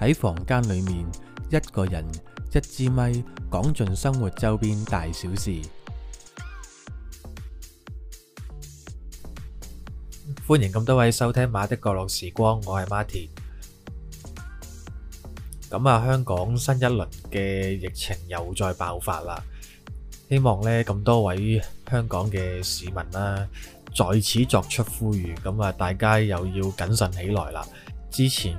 喺房間裏面，一個人一支咪講盡生活周邊大小事。歡迎咁多位收聽《馬的角落時光》，我係 Martin。咁啊，香港新一輪嘅疫情又再爆發啦！希望呢咁多位香港嘅市民啦，再次作出呼籲，咁啊大家又要謹慎起來啦！之前。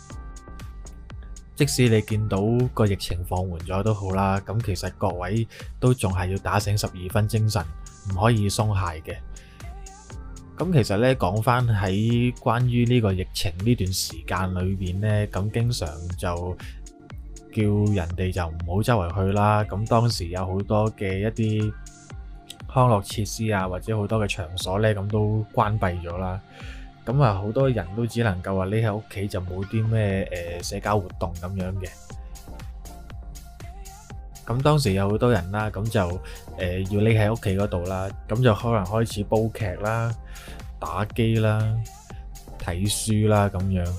即使你見到個疫情放緩咗都好啦，咁其實各位都仲係要打醒十二分精神，唔可以鬆懈嘅。咁其實咧講返喺關於呢個疫情呢段時間裏面咧，咁經常就叫人哋就唔好周圍去啦。咁當時有好多嘅一啲康樂設施啊，或者好多嘅場所咧，咁都關閉咗啦。咁啊，好多人都只能夠話匿喺屋企就冇啲咩誒社交活動咁樣嘅。咁當時有好多人啦，咁就誒、呃、要匿喺屋企嗰度啦，咁就可能開始煲劇啦、打機啦、睇書啦咁樣。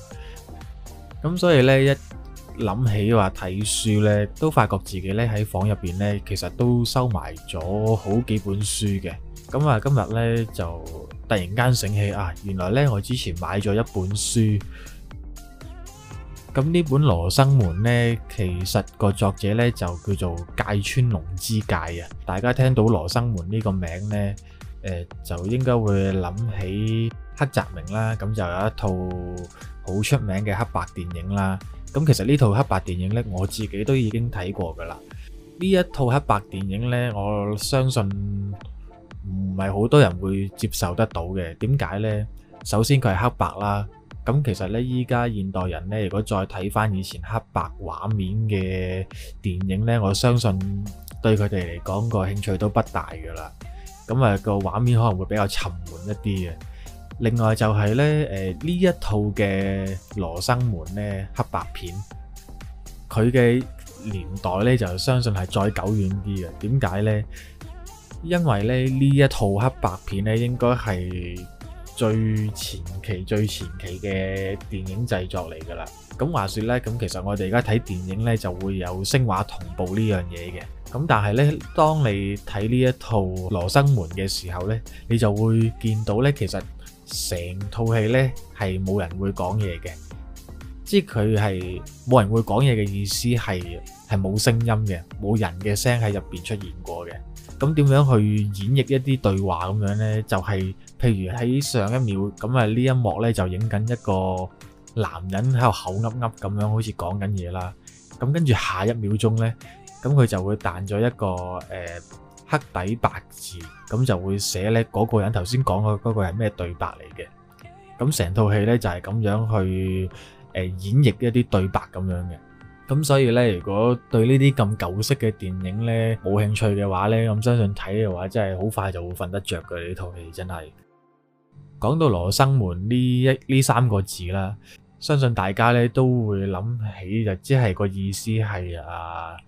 咁所以咧，一諗起話睇書咧，都發覺自己咧喺房入邊咧，其實都收埋咗好幾本書嘅。咁啊，今日咧就突然間醒起啊，原來咧我之前買咗一本書，咁呢本《羅生門》咧，其實個作者咧就叫做芥川龍之介啊。大家聽到《羅生門》呢個名咧，誒，就應該會諗起黑澤明啦。咁就有一套好出名嘅黑白電影啦。咁其實呢套黑白電影咧，我自己都已經睇過㗎喇。呢一套黑白電影咧，我相信。唔係好多人會接受得到嘅，點解咧？首先佢係黑白啦，咁其實咧依家現代人咧，如果再睇翻以前黑白畫面嘅電影咧，我相信對佢哋嚟講個興趣都不大噶啦。咁啊，個畫面可能會比較沉悶一啲嘅。另外就係咧，誒，呢一套嘅《羅生門》咧，黑白片，佢嘅年代咧就相信係再久遠啲嘅。點解咧？因為咧呢一套黑白片咧，應該係最前期、最前期嘅電影製作嚟㗎啦。咁話說呢，咁其實我哋而家睇電影呢，就會有聲畫同步呢樣嘢嘅。咁但係呢，當你睇呢一套《羅生門》嘅時候呢，你就會見到呢，其實成套戲呢係冇人會講嘢嘅，即係佢係冇人會講嘢嘅意思係係冇聲音嘅，冇人嘅聲喺入邊出現過嘅。咁點樣去演繹一啲對話咁樣呢，就係、是、譬如喺上一秒咁啊，呢一幕呢，就影緊一個男人喺度口噏噏咁樣，好似講緊嘢啦。咁跟住下一秒鐘呢，咁佢就會彈咗一個誒、呃、黑底白字，咁就會寫呢嗰個人頭先講嘅嗰個係咩對白嚟嘅。咁成套戲呢，就係、是、咁樣去誒、呃、演繹一啲對白咁樣嘅。咁所以咧，如果對呢啲咁舊式嘅電影咧冇興趣嘅話咧，咁相信睇嘅話，真係好快就會瞓得著嘅，呢套戲，真係。講到羅生門呢一呢三個字啦，相信大家咧都會諗起，就即係個意思係啊，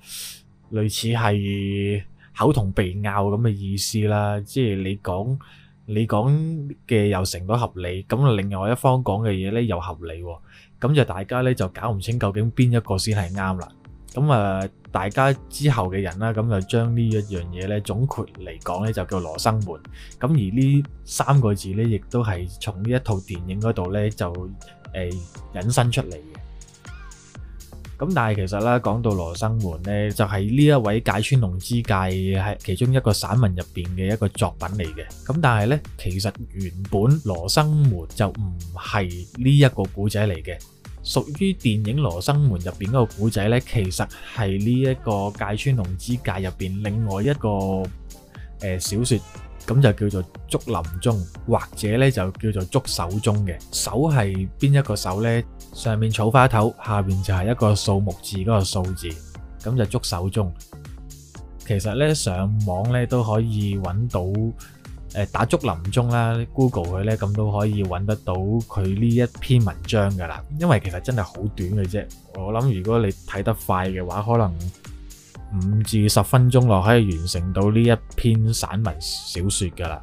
類似係口同鼻拗咁嘅意思啦。即係你講你講嘅又成到合理，咁另外一方講嘅嘢咧又合理喎。咁就大家咧就搞唔清，究竟邊一個先係啱啦。咁啊，大家之後嘅人啦，咁就將呢一樣嘢咧總括嚟講咧，就叫羅生門。咁而呢三個字咧，亦都係從呢一套電影嗰度咧就誒、欸、引申出嚟嘅。咁但係其實咧，講到羅生門咧，就係、是、呢一位芥川龍之介喺其中一個散文入邊嘅一個作品嚟嘅。咁但係咧，其實原本羅生門就唔係呢一個古仔嚟嘅。屬於電影《羅生門》入邊嗰個古仔呢，其實係呢一個芥川龍之介入邊另外一個誒、呃、小說，咁就叫做竹林中，或者呢就叫做竹手中嘅。手係邊一個手呢？上面草花頭，下面就係一個數目字嗰個數字，咁就竹手中。其實呢，上網呢都可以揾到。誒打竹林中啦，Google 佢咧，咁都可以揾得到佢呢一篇文章㗎喇，因為其實真係好短嘅啫。我諗如果你睇得快嘅話，可能五至十分鐘內可以完成到呢一篇散文小說㗎喇。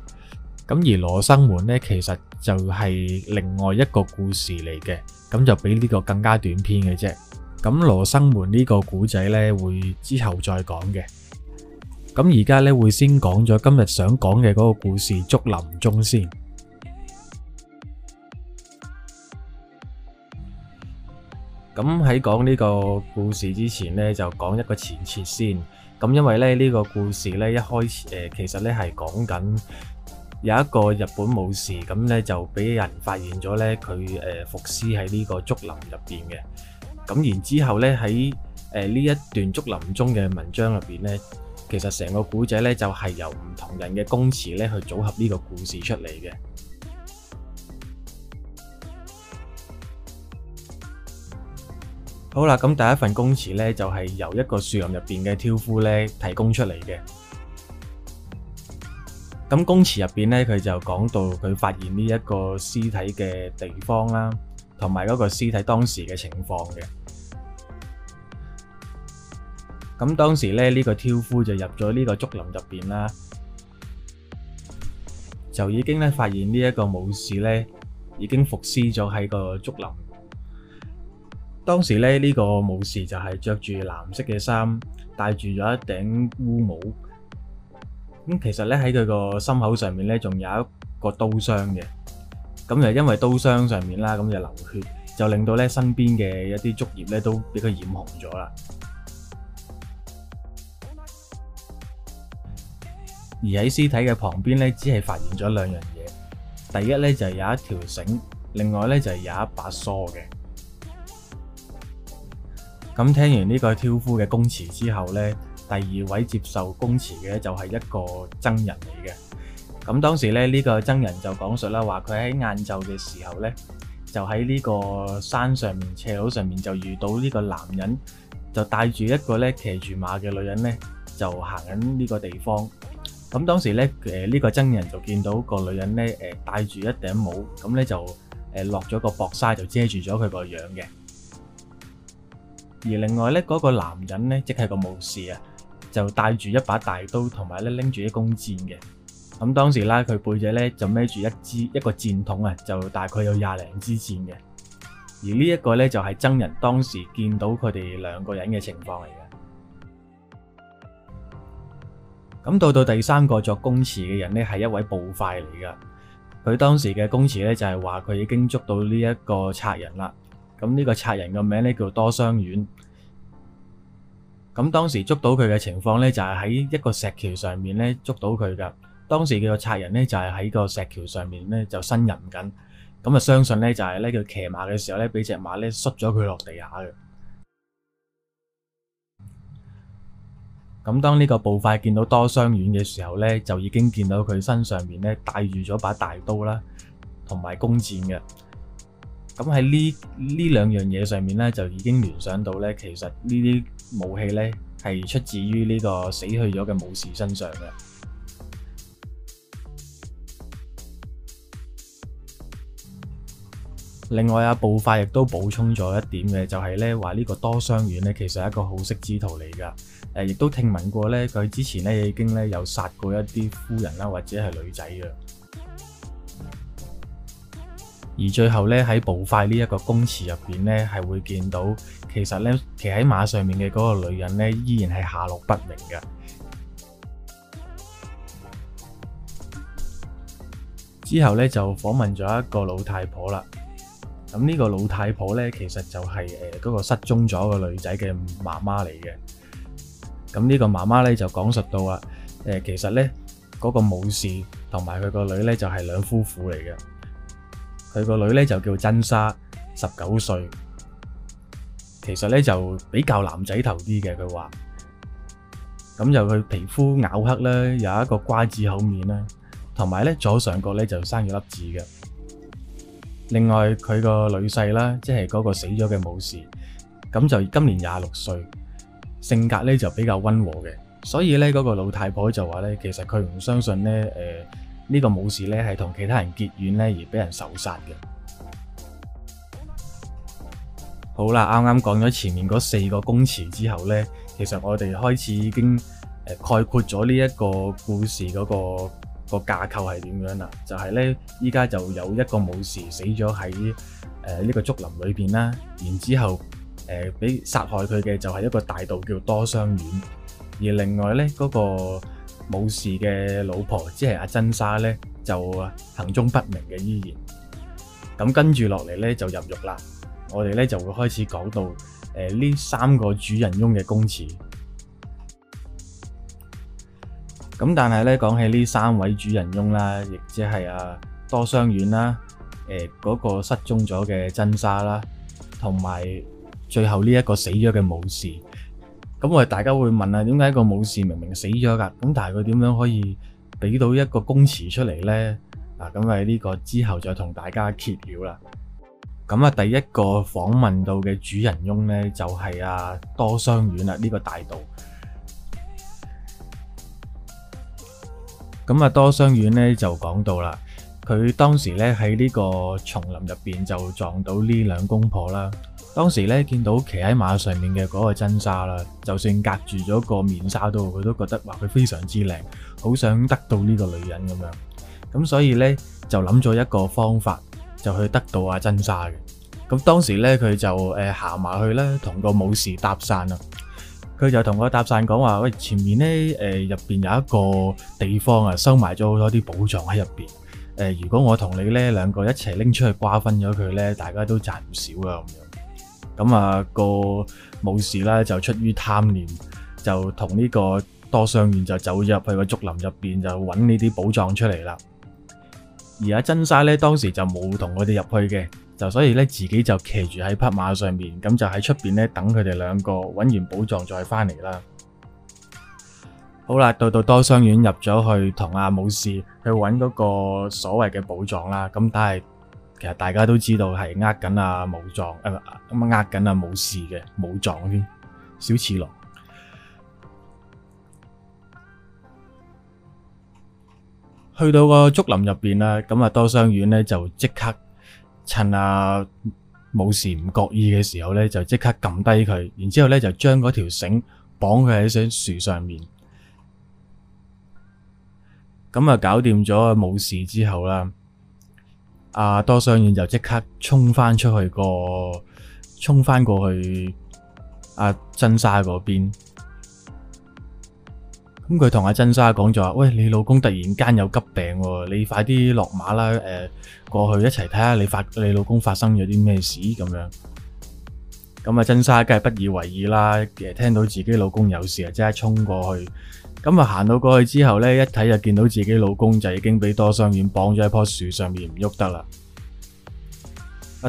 咁而羅生門咧，其實就係另外一個故事嚟嘅，咁就比呢個更加短篇嘅啫。咁羅生門呢個故仔咧，會之後再講嘅。咁而家咧會先講咗今日想講嘅嗰個故事竹林中先。咁喺講呢個故事之前咧，就講一個前設先。咁因為咧呢個故事咧一開始誒，其實咧係講緊有一個日本武士，咁咧就俾人發現咗咧佢誒伏屍喺呢個竹林入邊嘅。咁然之後咧喺誒呢一段竹林中嘅文章入邊咧。其實成個故仔呢，就係由唔同人嘅供詞呢去組合呢個故事出嚟嘅。好啦，咁第一份供詞呢，就係由一個樹林入邊嘅挑夫呢提供出嚟嘅。咁供詞入邊呢，佢就講到佢發現呢一個屍體嘅地方啦，同埋嗰個屍體當時嘅情況嘅。咁當時咧，呢個挑夫就入咗呢個竹林入邊啦，就已經咧發現呢一個武士咧已經伏屍咗喺個竹林。當時咧，呢個武士就係著住藍色嘅衫，戴住咗一頂烏帽。咁其實咧，喺佢個心口上面咧，仲有一個刀傷嘅。咁就因為刀傷上面啦，咁就流血，就令到咧身邊嘅一啲竹葉咧都俾佢染紅咗啦。而喺屍體嘅旁邊咧，只係發現咗兩樣嘢。第一咧就係有一條繩，另外咧就係有一把梳嘅。咁聽完呢個挑夫嘅供詞之後咧，第二位接受供詞嘅就係一個僧人嚟嘅。咁當時咧，呢個僧人就講述啦，話佢喺晏晝嘅時候咧，就喺呢個山上面斜路上面就遇到呢個男人，就帶住一個咧騎住馬嘅女人咧，就行緊呢個地方。咁當時咧，誒呢個僧人就見到個女人呢誒戴住一頂帽，咁咧就誒落咗個薄紗就遮住咗佢個樣嘅。而另外咧，嗰個男人咧，即係個武士啊，就戴住一把大刀，同埋咧拎住一弓箭嘅。咁當時啦，佢背脊咧就孭住一支一個箭筒啊，就大概有廿零支箭嘅。而呢一個咧，就係僧人當時見到佢哋兩個人嘅情況嚟嘅。咁到到第三個作供詞嘅人咧，係一位捕快嚟㗎。佢當時嘅供詞咧就係話佢已經捉到呢一個賊人啦。咁、這、呢個賊人嘅名咧叫多襄丸。咁當時捉到佢嘅情況咧，就係喺一個石橋上面捉到佢㗎。當時嘅賊人咧就係喺個石橋上面咧就呻吟緊。咁啊相信咧就係咧佢騎馬嘅時候咧畀隻馬咧摔咗佢落地下嘅。咁當呢個捕快見到多襄丸嘅時候咧，就已經見到佢身上面咧帶住咗把大刀啦，同埋弓箭嘅。咁喺呢呢兩樣嘢上面咧，就已經聯想到咧，其實呢啲武器咧係出自於呢個死去咗嘅武士身上嘅。另外啊，捕快亦都補充咗一點嘅，就係呢話呢個多襄丸呢，其實係一個好色之徒嚟㗎。誒、呃，亦都聽聞過呢，佢之前呢已經呢有殺過一啲夫人啦，或者係女仔嘅。而最後呢，喺捕快呢一個供詞入邊呢，係會見到其實呢騎喺馬上面嘅嗰個女人呢，依然係下落不明嘅。之後呢，就訪問咗一個老太婆啦。咁呢個老太婆咧，其實就係誒嗰個失蹤咗個女仔嘅媽媽嚟嘅。咁呢個媽媽咧，就講述到啊，誒其實咧嗰個武士同埋佢個女咧，就係兩夫婦嚟嘅。佢個女咧，就叫真砂，十九歲，其實咧，就比較男仔頭啲嘅。佢話咁就佢皮膚黝黑啦，有一個瓜子口面啦，同埋咧，左上角咧，就生咗粒痣嘅。另外佢個女婿啦，即係嗰個死咗嘅武士，咁就今年廿六歲，性格呢就比較溫和嘅，所以呢，嗰個老太婆就話呢，其實佢唔相信咧，誒呢個武士呢係同其他人結怨呢，而俾人仇殺嘅。好啦，啱啱講咗前面嗰四個供詞之後呢，其實我哋開始已經誒概括咗呢一個故事嗰個。個架構係點樣啦？就係、是、呢，依家，就有一個武士死咗喺誒呢個竹林裏邊啦，然之後誒俾殺害佢嘅就係一個大盜，叫多襄丸。而另外呢，嗰、那個武士嘅老婆即係阿真砂咧，就行蹤不明嘅依然。咁跟住落嚟咧就入獄啦，我哋咧就會開始講到誒呢、呃、三個主人翁嘅供詞。咁但係咧，講起呢三位主人翁啦，亦即係阿多雙院啦，誒、欸、嗰、那個失蹤咗嘅真砂啦，同埋最後呢一個死咗嘅武士。咁我哋大家會問啊，點解個武士明明死咗㗎？咁但係佢點樣可以俾到一個供詞出嚟咧？嗱，咁喺呢個之後再同大家揭曉了啦。咁啊，第一個訪問到嘅主人翁咧，就係、是、阿、啊、多雙院啦，呢、這個大道。咁啊，多襄丸咧就講到啦，佢當時咧喺呢個叢林入邊就撞到呢兩公婆啦。當時咧見到騎喺馬上面嘅嗰個真沙啦，就算隔住咗個面紗都，佢都覺得話佢非常之靚，好想得到呢個女人咁樣。咁所以咧就諗咗一個方法，就去得到阿真沙嘅。咁當時咧佢就誒行埋去啦，同個武士搭訕啊。佢就同我搭訕講話，喂，前面呢誒，呃，入邊有一個地方啊，收埋咗好多啲寶藏喺入面。誒、呃，如果我同你呢兩個一齊拎出去瓜分咗佢咧，大家都賺唔少噶咁樣。咁、嗯那個武士啦，就出於貪念，就同呢個多襄丸就走入去個竹林入面，就揾呢啲寶藏出嚟啦。而阿真砂呢，當時就冇同佢哋入去嘅。就所以咧，自己就騎住喺匹馬上面，咁就喺出邊咧等佢哋兩個搵完寶藏再翻嚟啦。好啦，到到多襄丸入咗去同阿武士去搵嗰個所謂嘅寶藏啦。咁但係其實大家都知道係呃緊阿武藏誒，咁呃緊阿武士嘅武藏添小次郎。去到個竹林入邊啦，咁啊多襄丸咧就即刻。趁阿武士唔覺意嘅時候咧，就即刻撳低佢，然後呢、嗯、之後咧、啊、就將嗰條繩綁佢喺啲樹上面。咁啊搞掂咗武士之後啦，阿多襄丸就即刻衝翻出去個，衝翻過去阿真、啊、沙嗰邊。咁佢同阿珍莎講咗話：喂，你老公突然間有急病，哦，你快啲落馬啦！誒、呃，過去一齊睇下你發，你老公發生咗啲咩事咁樣。咁啊，珍莎梗係不以為意啦。誒，聽到自己老公有事啊，即刻衝過去。咁啊，行到過去之後呢，一睇就見到自己老公就已經俾多襄丸綁咗喺棵樹上面唔喐得啦。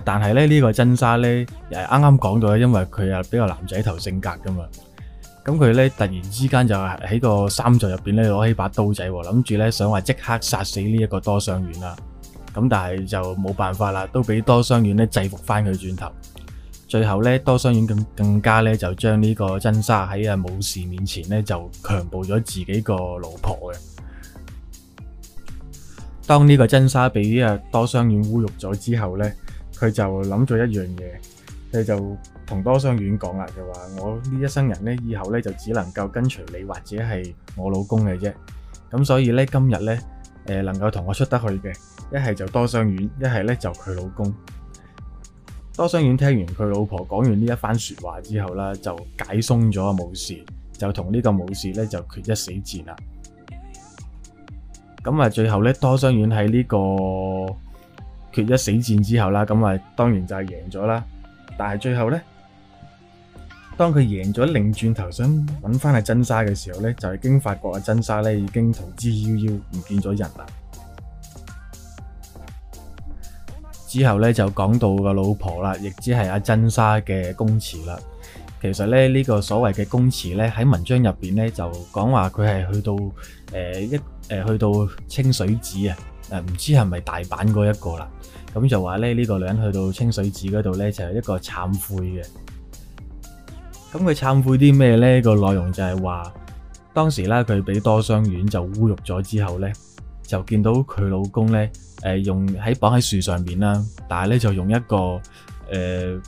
但係咧呢、這個珍莎呢，又係啱啱講到因為佢啊比較男仔頭性格噶嘛。咁佢咧突然之間就喺個衫袖入邊咧攞起把刀仔，諗住咧想話即刻殺死呢一個多襄丸啦。咁但係就冇辦法啦，都俾多襄丸咧制服翻佢轉頭。最後咧，多襄丸咁更加咧就將呢個真砂喺啊武士面前咧就強暴咗自己個老婆嘅。當呢個真砂俾啊多襄丸侮辱咗之後咧，佢就諗咗一樣嘢。佢就同多襄丸講啦，就話我呢一生人咧，以後咧就只能夠跟隨你或者係我老公嘅啫。咁所以咧，今日咧，誒能夠同我出得去嘅，一係就多襄丸，一係咧就佢老公。多襄丸聽完佢老婆講完呢一番説話之後啦，就解鬆咗啊，武士就同呢個武士咧就決一死戰啦。咁啊，最後咧，多襄丸喺呢個決一死戰之後啦，咁啊，當然就係贏咗啦。但係最後呢，當佢贏咗，擰轉頭想揾翻阿真莎嘅時候呢，就已經發覺阿真莎咧已經逃之夭夭，唔見咗人啦。之後呢，就講到個老婆啦，亦只係阿真莎嘅供詞啦。其實呢，呢、這個所謂嘅供詞呢，喺文章入面咧就講話佢係去到誒一誒去到清水寺啊，誒唔知係咪大阪嗰一個啦。咁就話咧，呢個女人去到清水寺嗰度咧，就係一個懺悔嘅。咁佢懺悔啲咩咧？個內容就係話，當時啦，佢俾多襄丸就侮辱咗之後咧，就見到佢老公咧，誒，用喺綁喺樹上面啦，但係咧就用一個誒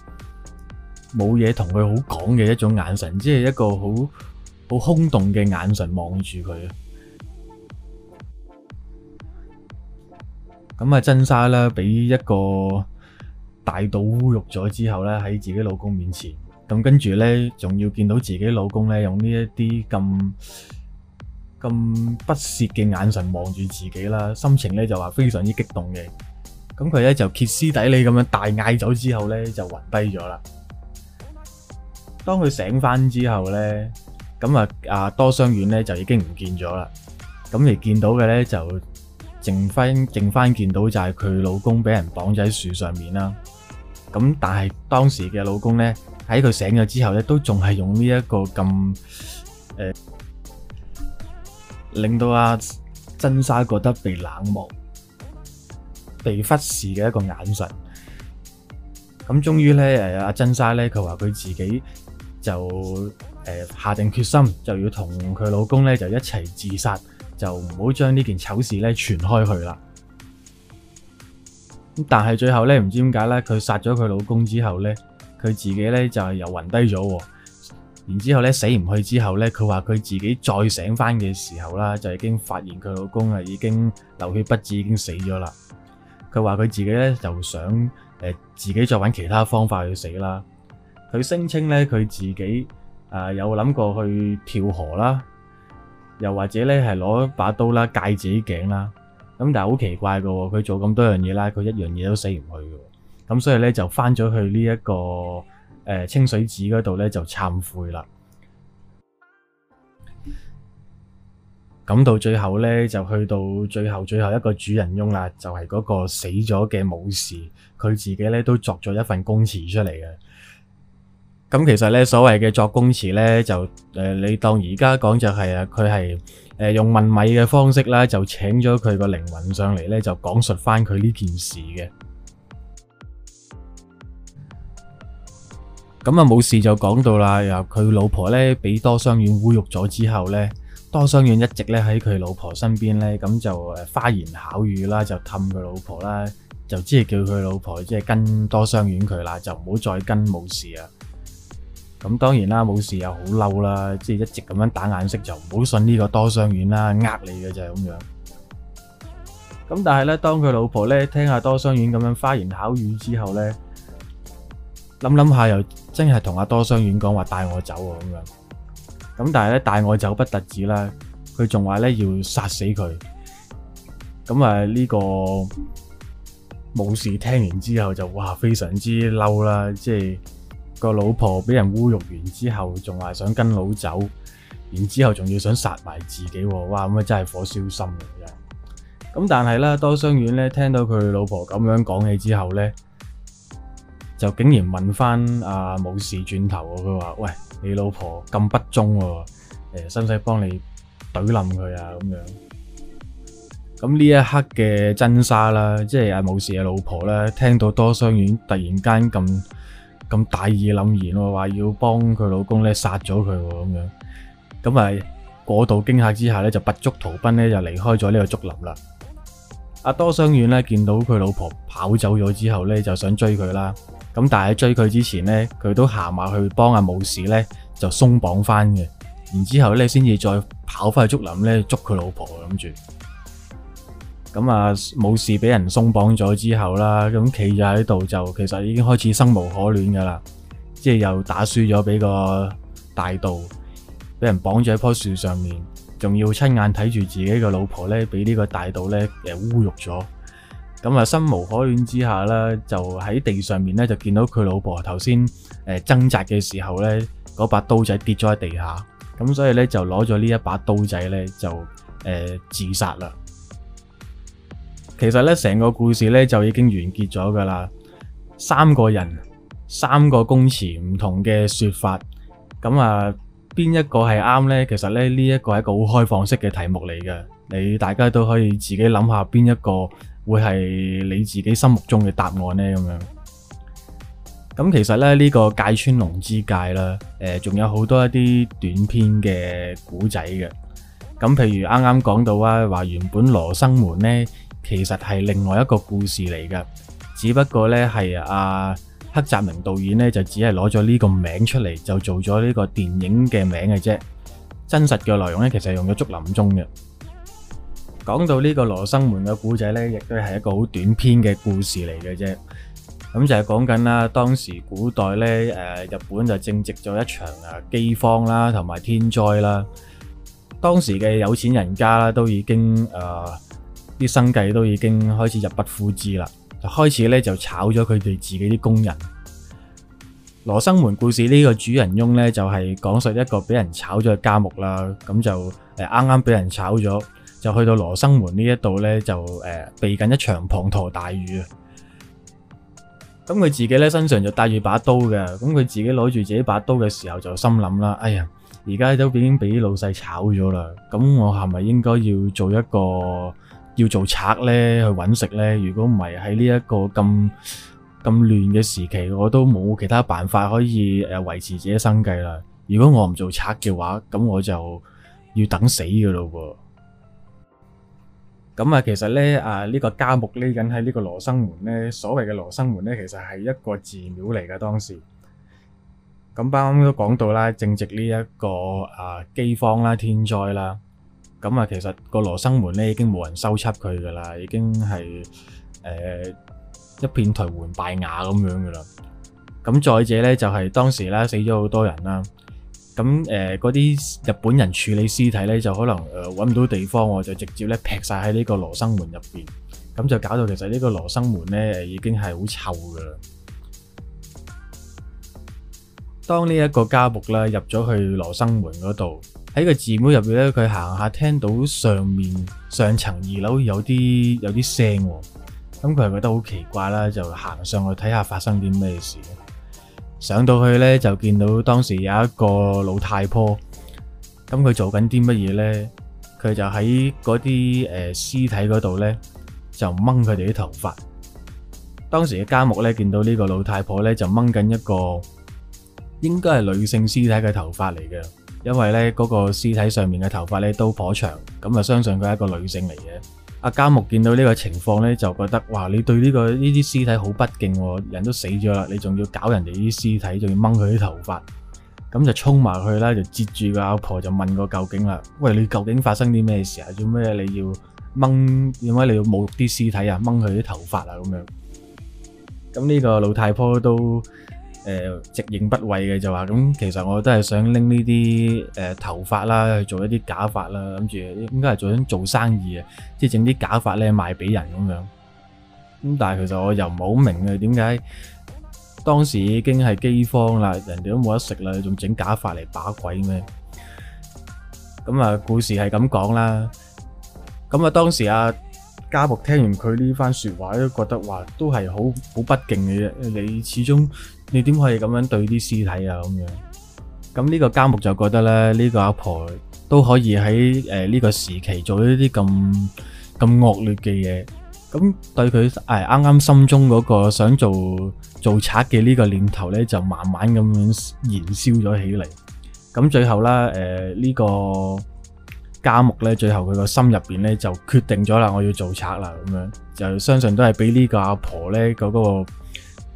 冇嘢同佢好講嘅一種眼神，即係一個好好空洞嘅眼神望住佢。咁啊，真莎啦，俾一個大盜侮辱咗之後咧，喺自己老公面前，咁跟住咧，仲要見到自己老公咧，用呢一啲咁咁不屑嘅眼神望住自己啦，心情咧就話非常之激動嘅。咁佢咧就歇斯底里咁樣大嗌咗之後咧，就暈低咗啦。當佢醒返之後咧，咁啊啊多襄丸咧就已經唔見咗啦。咁而見到嘅咧就。剩翻，剩翻見到就係佢老公俾人綁咗喺樹上面啦。咁但係當時嘅老公咧，喺佢醒咗之後咧，都仲係用呢一個咁誒、呃，令到阿、啊、真沙覺得被冷漠、被忽視嘅一個眼神。咁終於咧，誒、啊、阿真沙咧，佢話佢自己就誒、呃、下定決心，就要同佢老公咧就一齊自殺。就唔好將呢件醜事咧傳開去啦。但係最後咧，唔知點解咧，佢殺咗佢老公之後咧，佢自己咧就又暈低咗。然之後咧死唔去之後咧，佢話佢自己再醒翻嘅時候啦，就已經發現佢老公啊已經流血不止，已經死咗啦。佢話佢自己咧就想誒、呃、自己再揾其他方法去死啦。佢聲稱咧佢自己啊、呃、有諗過去跳河啦。又或者咧，係攞一把刀啦，戒自己頸啦，咁但係好奇怪嘅，佢做咁多樣嘢啦，佢一樣嘢都死唔去嘅，咁所以咧就翻咗去呢一個誒清水寺嗰度咧就懺悔啦。咁到最後咧，就去到最後最後一個主人翁啦，就係嗰個死咗嘅武士，佢自己咧都作咗一份供詞出嚟嘅。咁其實咧，所謂嘅作工詞咧，就誒、呃、你當而家講就係、是、啊，佢係誒用問米嘅方式啦，就請咗佢個靈魂上嚟咧，就講述翻佢呢件事嘅。咁啊，武士就講到啦。然後佢老婆咧俾多襄丸侮辱咗之後咧，多襄丸一直咧喺佢老婆身邊咧，咁就誒花言巧語啦，就氹佢老婆啦，就即係叫佢老婆即係、就是、跟多襄丸佢啦，就唔好再跟武士啊。咁當然啦，武士又好嬲啦，即係一直咁樣打眼色就唔好信呢個多襄丸啦，呃、你嘅就係咁樣。咁但係咧，當佢老婆咧聽下多襄丸咁樣花言巧語之後咧，諗諗下又真係同阿多襄丸講，話帶我走喎咁樣。咁但係咧，帶我走不特止啦，佢仲話咧要殺死佢。咁啊呢個武士，聽完之後就哇非常之嬲啦，即係。個老婆俾人侮辱完之後，仲話想跟佬走，然之後仲要想殺埋自己，哇！咁啊真係火燒心嘅，咁但係咧，多襄丸咧聽到佢老婆咁樣講起之後咧，就竟然問翻阿武士轉頭，佢話：喂，你老婆咁不忠誒，使唔使幫你懟冧佢啊？咁樣，咁呢一刻嘅真砂啦，即係阿武士嘅老婆啦，聽到多襄丸突然間咁。咁大義凛然喎，話要幫佢老公咧殺咗佢喎，咁樣，咁啊過度驚嚇之下咧就拔足逃奔咧就離開咗呢個竹林啦。阿多襄丸咧見到佢老婆跑走咗之後咧就想追佢啦，咁但係喺追佢之前咧佢都行埋去幫阿武士咧就鬆綁翻嘅，然之後咧先至再跑翻去竹林咧捉佢老婆諗住。咁啊，武士俾人鬆綁咗之後啦，咁企咗喺度就其實已經開始生無可戀噶啦，即係又打輸咗俾個大盜，俾人綁咗喺樖樹上面，仲要親眼睇住自己嘅老婆咧，俾呢個大盜咧誒侮辱咗。咁啊，生無可戀之下咧，就喺地上面咧就見到佢老婆頭先誒掙扎嘅時候咧，嗰把刀仔跌咗喺地下，咁所以咧就攞咗呢一把刀仔咧就誒、呃、自殺啦。其實呢，成個故事呢就已經完結咗噶啦。三個人，三個供詞，唔同嘅說法，咁啊，邊一個係啱呢？其實呢，呢、這個、一個係一個好開放式嘅題目嚟嘅，你大家都可以自己諗下，邊一個會係你自己心目中嘅答案呢？咁樣咁，其實呢，呢、這個芥川龍之介》啦、呃，誒，仲有好多一啲短篇嘅古仔嘅，咁譬如啱啱講到啊，話原本羅生門呢。其實係另外一個故事嚟㗎，只不過呢係阿黑澤明導演呢就只係攞咗呢個名出嚟，就做咗呢個電影嘅名嘅啫。真實嘅內容呢，其實係用咗竹林中嘅。講到呢個羅生門嘅故仔呢，亦都係一個好短篇嘅故事嚟嘅啫。咁就係講緊啦，當時古代呢誒，日本就正值咗一場啊饑荒啦，同埋天災啦。當時嘅有錢人家啦，都已經誒。啲生計都已經開始入不敷支啦，就開始咧就炒咗佢哋自己啲工人。羅生門故事呢個主人翁呢，就係、是、講述一個俾人炒咗嘅家僕啦，咁就誒啱啱俾人炒咗，就去到羅生門呢一度呢，就誒、呃、避緊一場滂沱大雨啊。咁佢自己咧身上就帶住把刀嘅，咁佢自己攞住自己把刀嘅時候就心諗啦：哎呀，而家都已經俾老細炒咗啦，咁我係咪應該要做一個？要做賊咧去揾食咧，如果唔係喺呢一個咁咁亂嘅時期，我都冇其他辦法可以誒維持自己生計啦。如果我唔做賊嘅話，咁我就要等死嘅咯喎。咁啊，其實咧啊，呢個家僕匿緊喺呢個羅生門咧，所謂嘅羅生門咧，其實係一個寺廟嚟㗎，當時。咁啱啱都講到啦，正值呢一個啊饑荒啦、天災啦。咁啊，其實個羅生門咧已經冇人收葺佢噶啦，已經係誒一片頹垣敗瓦咁樣噶啦。咁再者咧，就係當時咧，死咗好多人啦。咁誒嗰啲日本人處理屍體咧，就可能誒搵唔到地方，我就直接咧劈晒喺呢個羅生門入邊，咁就搞到其實呢個羅生門咧已經係好臭噶啦。當呢一個家僕咧入咗去羅生門嗰度。喺個寺廟入邊咧，佢行下聽到上面上層二樓有啲有啲聲，咁佢係覺得好奇怪啦，就行上去睇下發生啲咩事。上到去咧就見到當時有一個老太婆，咁佢做緊啲乜嘢咧？佢就喺嗰啲誒屍體嗰度咧，就掹佢哋啲頭髮。當時嘅家木咧見到呢個老太婆咧就掹緊一個應該係女性屍體嘅頭髮嚟嘅。因為呢嗰個屍體上面嘅頭髮呢都頗長，咁啊，相信佢係一個女性嚟嘅。阿加木見到呢個情況呢，就覺得：哇！你對呢、這個呢啲屍體好不敬，哦，人都死咗啦，你仲要搞人哋啲屍體，仲要掹佢啲頭髮，咁就衝埋去啦，就截住個阿婆就問個究竟啦。喂，你究竟發生啲咩事啊？做咩你要掹？點解你要侮辱啲屍體啊？掹佢啲頭髮啊？咁樣。咁呢個老太婆都。誒，直認不諱嘅就話，咁其實我都係想拎呢啲誒頭髮啦，去做一啲假髮啦，諗住應該係做緊做生意啊，即係整啲假髮咧賣俾人咁樣。咁但係其實我又唔好明啊，點解當時已經係饑荒啦，人哋都冇得食啦，仲整假髮嚟把鬼咩？咁啊，故事係咁講啦。咁啊，當時阿、啊、家僕聽完佢呢番說話，都覺得話都係好好不敬嘅啫，你始終。你點可以咁樣對啲屍體啊？咁樣，咁呢個家僕就覺得咧，呢個阿婆都可以喺誒呢個時期做呢啲咁咁惡劣嘅嘢，咁對佢誒啱啱心中嗰個想做做賊嘅呢個念頭咧，就慢慢咁樣燃燒咗起嚟。咁最後啦，誒呢個家僕咧，最後佢個心入邊咧就決定咗啦，我要做賊啦，咁樣就相信都係俾呢個阿婆咧嗰個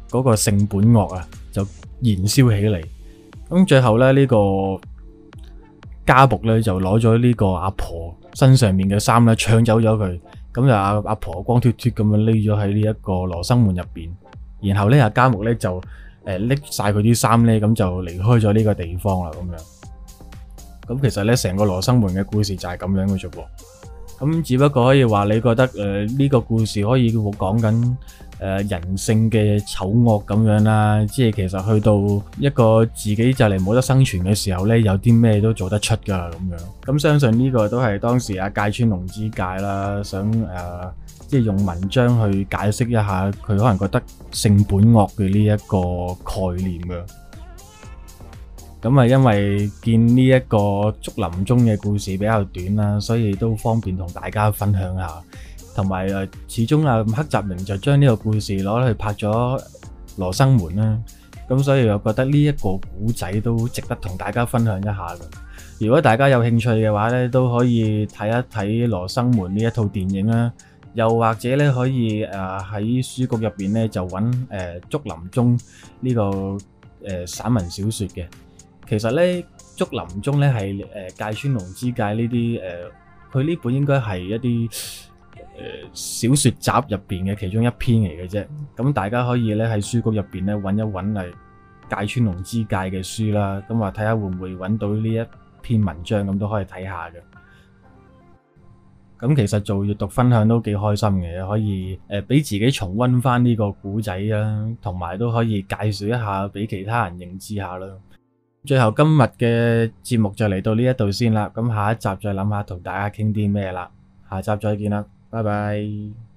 嗰個性本惡啊，就燃燒起嚟。咁最後咧，呢個家僕咧就攞咗呢個阿婆身上面嘅衫咧，搶走咗佢。咁就阿阿婆光脫脫咁樣匿咗喺呢一個羅生門入邊。然後咧，阿家僕咧就誒拎曬佢啲衫咧，咁就離開咗呢個地方啦。咁樣。咁其實咧，成個羅生門嘅故事就係咁樣嘅啫噃。咁只不過可以話，你覺得誒呢個故事可以講緊？誒人性嘅醜惡咁樣啦，即係其實去到一個自己就嚟冇得生存嘅時候呢，有啲咩都做得出㗎咁樣。咁相信呢個都係當時阿芥川龍之介啦，想誒即係用文章去解釋一下佢可能覺得性本惡嘅呢一個概念㗎。咁啊，因為見呢一個竹林中嘅故事比較短啦，所以都方便同大家分享下。同埋誒，始終啊，黑澤明就將呢個故事攞去拍咗《羅生門》啊啦。咁所以我覺得呢一個古仔都值得同大家分享一下嘅。如果大家有興趣嘅話咧，都可以睇一睇《羅生門》呢一套電影啦，啊。又或者咧，可以誒、啊、喺書局入邊咧就揾誒、呃《竹林中、這個》呢個誒散文小説嘅。其實咧，《竹林中》咧係誒芥川龍之介》呢啲誒，佢呢本應該係一啲。小說集入邊嘅其中一篇嚟嘅啫。咁大家可以呢喺書局入邊咧揾一揾嚟芥川龍之介嘅書啦。咁話睇下會唔會揾到呢一篇文章，咁都可以睇下嘅。咁其實做閱讀分享都幾開心嘅，可以誒俾自己重温翻呢個古仔呀，同埋都可以介紹一下俾其他人認知下啦。最後今日嘅節目就嚟到呢一度先啦。咁下一集再諗下同大家傾啲咩啦。下集再見啦。拜拜。